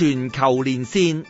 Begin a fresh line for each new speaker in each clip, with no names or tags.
全球連線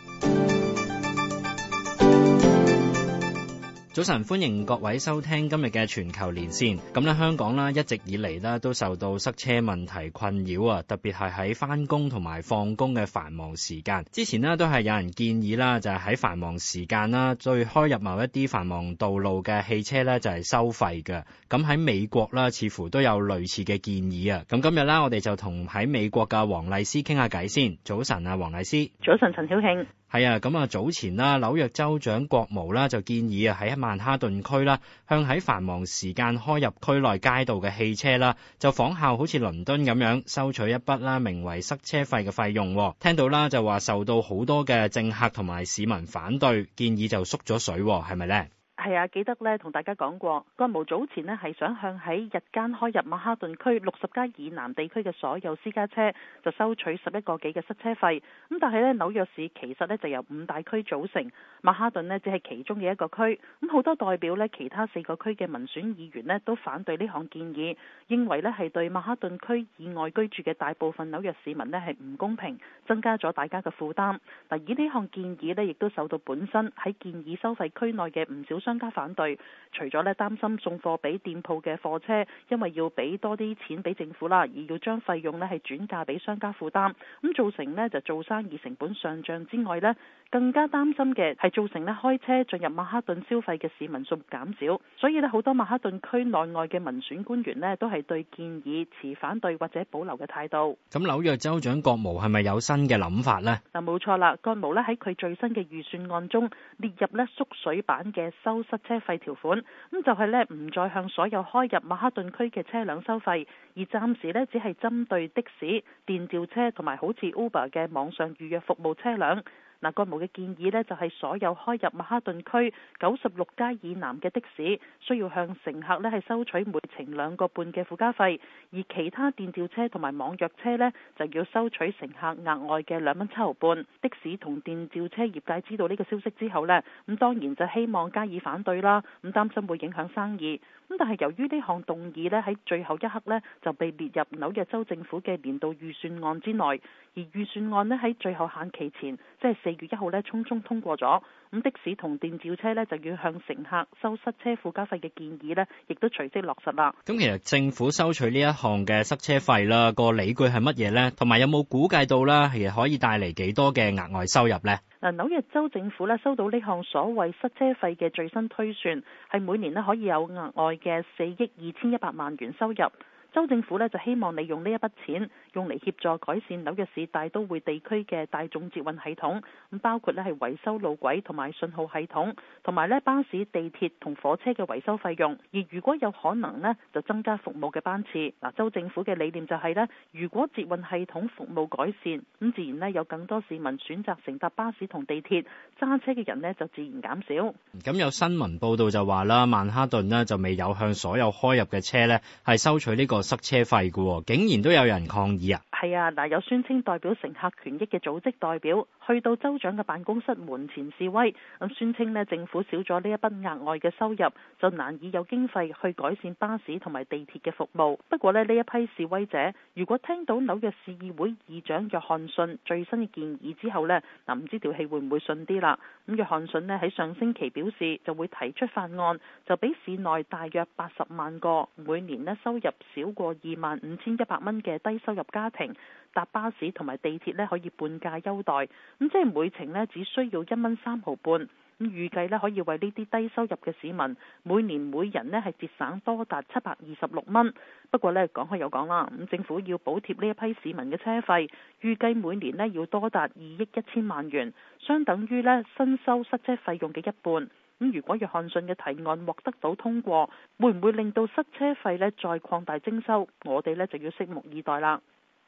早晨，歡迎各位收聽今日嘅全球連線。咁咧，香港咧一直以嚟咧都受到塞車問題困擾啊，特別係喺翻工同埋放工嘅繁忙時間。之前咧都係有人建議啦，就係喺繁忙時間啦，再開入某一啲繁忙道路嘅汽車呢，就係收費嘅。咁喺美國啦，似乎都有類似嘅建議啊。咁今日咧，我哋就同喺美國嘅黃麗施傾下偈先。早晨啊，黃麗施。
早晨，陳曉慶。
係啊，咁啊早前啦，紐約州長葛謨啦就建議啊喺曼哈頓區啦，向喺繁忙時間開入區內街道嘅汽車啦，就仿效好似倫敦咁樣收取一筆啦，名為塞車費嘅費用。聽到啦就話受到好多嘅政客同埋市民反對，建議就縮咗水，係咪呢？
係啊，記得咧同大家講過，葛謨早前呢係想向喺日間開入曼哈頓區六十街以南地區嘅所有私家車，就收取十一個幾嘅塞車費。咁但係呢，紐約市其實呢就由五大區組成，曼哈頓呢只係其中嘅一個區。咁好多代表呢，其他四個區嘅民選議員呢都反對呢項建議，認為呢係對曼哈頓區以外居住嘅大部分紐約市民呢係唔公平，增加咗大家嘅負擔。嗱，以呢項建議呢，亦都受到本身喺建議收費區內嘅唔少商家反對，除咗咧擔心送貨俾店鋪嘅貨車，因為要俾多啲錢俾政府啦，而要將費用咧係轉嫁俾商家負擔，咁造成咧就做生意成本上漲之外咧，更加擔心嘅係造成咧開車進入曼哈頓消費嘅市民數減少。所以咧好多曼哈頓區內外嘅民選官員咧都係對建議持反對或者保留嘅態度。
咁紐約州長葛謨係咪有新嘅諗法呢？
嗱冇錯啦，葛謨咧喺佢最新嘅預算案中列入咧縮水版嘅收。塞車費條款，咁就係咧，唔再向所有開入曼哈頓區嘅車輛收費，而暫時咧，只係針對的士、電召車同埋好似 Uber 嘅網上預約服務車輛。嗱，葛謨嘅建議咧就係所有開入曼哈頓區九十六街以南嘅的、的士，需要向乘客咧係收取每程兩個半嘅附加費，而其他電召車同埋網約車咧，就要收取乘客額外嘅兩蚊七毫半。的士同電召車業界知道呢個消息之後咧，咁當然就希望加以反對啦，咁擔心會影響生意。咁但係由於呢項動議咧喺最後一刻咧就被列入紐約州政府嘅年度預算案之內，而預算案咧喺最後限期前即係四月一號咧，匆匆通過咗咁，的士同電召車咧就要向乘客收塞車附加費嘅建議咧，亦都隨即落實啦。
咁其實政府收取呢一項嘅塞車費啦，個理據係乜嘢咧？同埋有冇估計到啦？其實可以帶嚟幾多嘅額外收入咧？
嗱，紐約州政府咧收到呢項所謂塞車費嘅最新推算，係每年咧可以有額外嘅四億二千一百萬元收入。州政府咧就希望利用呢一筆錢用嚟協助改善紐約市大都會地區嘅大眾捷運系統，咁包括咧係維修路軌同埋信號系統，同埋咧巴士、地鐵同火車嘅維修費用。而如果有可能呢就增加服務嘅班次。嗱，州政府嘅理念就係呢，如果捷運系統服務改善，咁自然呢有更多市民選擇乘搭巴士同地鐵，揸車嘅人呢就自然減少。
咁有新聞報道就話啦，曼哈頓呢就未有向所有開入嘅車呢係收取呢個塞車費嘅，竟然都有人抗議啊！
係啊，嗱，有宣稱代表乘客權益嘅組織代表，去到州長嘅辦公室門前示威，咁宣稱呢，政府少咗呢一筆額外嘅收入，就難以有經費去改善巴士同埋地鐵嘅服務。不過呢，呢一批示威者，如果聽到紐約市議會議長約翰遜最新嘅建議之後呢，嗱唔知條氣會唔會順啲啦？咁約翰遜呢，喺上星期表示，就會提出法案，就俾市內大約八十萬個每年呢收入少。超過二萬五千一百蚊嘅低收入家庭搭巴士同埋地鐵可以半價優待，咁即係每程只需要一蚊三毫半，咁預計可以為呢啲低收入嘅市民每年每人咧係節省多達七百二十六蚊。不過咧講開又講啦，咁政府要補貼呢一批市民嘅車費，預計每年要多達二億一千萬元，相等於新收塞車費用嘅一半。咁如果約翰遜嘅提案獲得到通過，會唔會令到塞車費咧再擴大徵收？我哋咧就要拭目以待啦。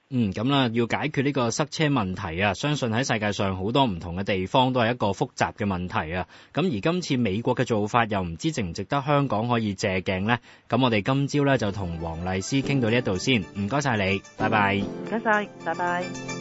嗯，咁啦，要解決呢個塞車問題啊，相信喺世界上好多唔同嘅地方都係一個複雜嘅問題啊。咁而今次美國嘅做法又唔知值唔值得香港可以借鏡呢？咁我哋今朝咧就同黃麗施傾到呢一度先，唔該晒你，拜拜。
唔該晒，拜拜。